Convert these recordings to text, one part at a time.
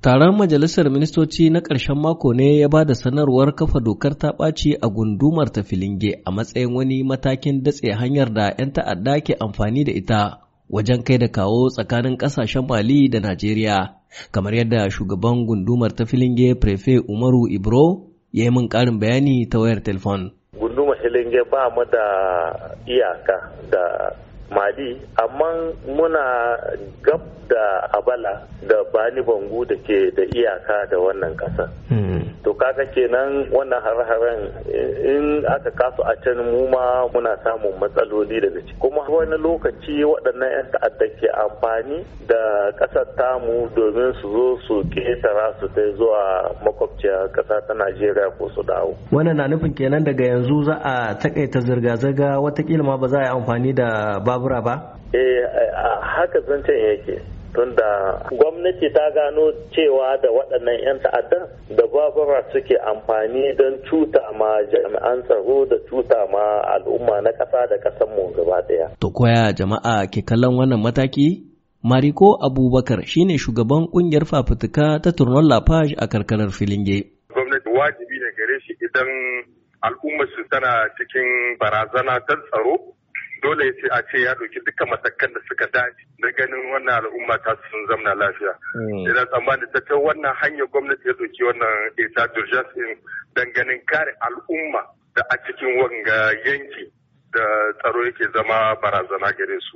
Taron Majalisar Ministoci na ƙarshen mako ne ya ba da sanarwar kafa dokar ta ɓaci a gundumar ta filinge a matsayin wani matakin datse hanyar da 'yan ta'adda ke amfani da ita wajen kai da kawo tsakanin ƙasashen Mali da Najeriya, kamar yadda shugaban gundumar ta filinge Prefe Umaru Ibro ya yi min ƙarin bayani ta wayar telefon. ba iyaka madi amma muna gab da abala da bani bangu da ke da iyaka da wannan ƙasa hmm. to kaga kenan wannan har-haren in aka kasu a can mu ma muna samun matsaloli daga ciki kuma wani lokaci waɗannan 'yan ta'adda ke amfani da ƙasar tamu domin su zo su ƙetara su ta zuwa makwabciya ƙasa ta najeriya ko su dawo wannan na nufin kenan daga yanzu za a taƙaita zirga-zirga watakila ma ba za a yi amfani da babura fara ba? Eh, haka zancen yake. tunda gwamnati ta gano cewa da waɗannan 'yan ta'addan, da babura suke amfani don cuta ma jami'an tsaro da cuta ma al'umma na ƙasa da ƙasarmu mu gaba ɗaya. To koya jama'a ke kallon wannan mataki? Mariko Abubakar shine shugaban ƙungiyar fafutuka ta Turnon Lafage a karkarar Filinge. Gwamnati wajibi ne gare shi idan al'ummar su tana cikin barazana ta tsaro dole ya ce a ce ya ɗauki dukkan matakan da suka dace na ganin wannan al'umma ta sun zamna lafiya. Hmm. Ina tsammani ta ta wannan hanyar gwamnati ya ɗauki wannan ita d'urgence dan ganin kare al'umma da a cikin wanga yanki da tsaro yake zama barazana gare su.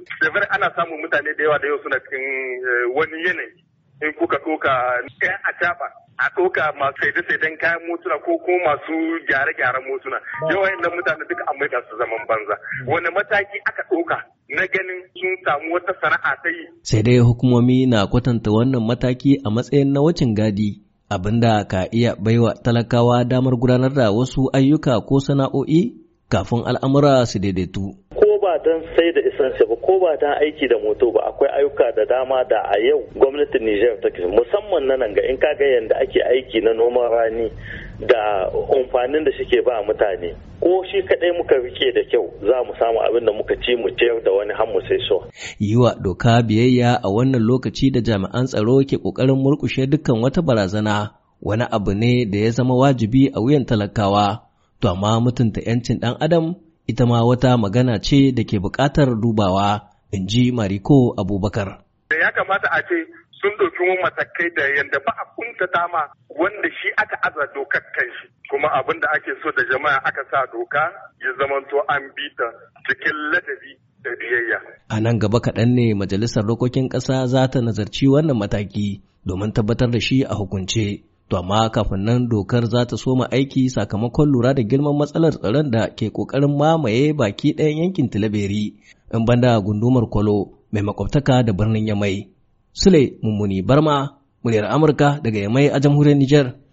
ana samun mutane da yawa da yau suna cikin eh, wani yanayi in kuka tuka ɗaya eh, a a ɗauka masu saide-saiden kayan motuna ko ko masu gyare-gyaren motuna yawan nan mutane duka an da su zaman banza hmm. wani mataki aka ɗauka na ganin sun samu wata sana'a ta yi sai dai hukumomi na kwatanta wannan mataki a matsayin na wucin gadi abinda ka iya baiwa talakawa damar gudanar da wasu ayyuka ko sana'o'i kafin al'amura su daidaitu don sai da isansi ba ko ba don aiki da moto ba akwai ayyuka da dama da a yau gwamnatin Nijar take musamman na nan ga in kaga yanda ake aiki na noman rani da amfanin da shike ba mutane ko shi kadai muka rike da kyau za mu samu abin da muka ci mu ciyar da wani hannu sai so. Yiwa, doka biyayya a wannan lokaci da jami'an tsaro ke kokarin murkushe dukkan wata barazana wani abu ne da ya zama wajibi a wuyan talakawa, to amma mutunta 'yancin ɗan adam ita ma wata magana ce da ke buƙatar dubawa, in ji Mariko Abubakar. Da ya kamata a ce sun ɗauki matakai da yadda ba a kunta ma wanda shi aka aza dokar kanshi. Kuma abin da ake so da jama'a aka sa doka ya zamanto an bi ta cikin ladabi da biyayya. A nan gaba kaɗan ne Majalisar Dokokin Ƙasa za ta nazarci wannan mataki domin tabbatar da shi a hukunce. To amma kafin nan dokar za ta soma aiki sakamakon lura da girman matsalar tsaron da ke ƙoƙarin mamaye baki ɗayan yankin Tilaberi in banda gundumar Kwalo mai makwabtaka da birnin Yamai. Sule Mummuni Barma, muryar Amurka daga Yamai a jamhuriyar Nijar.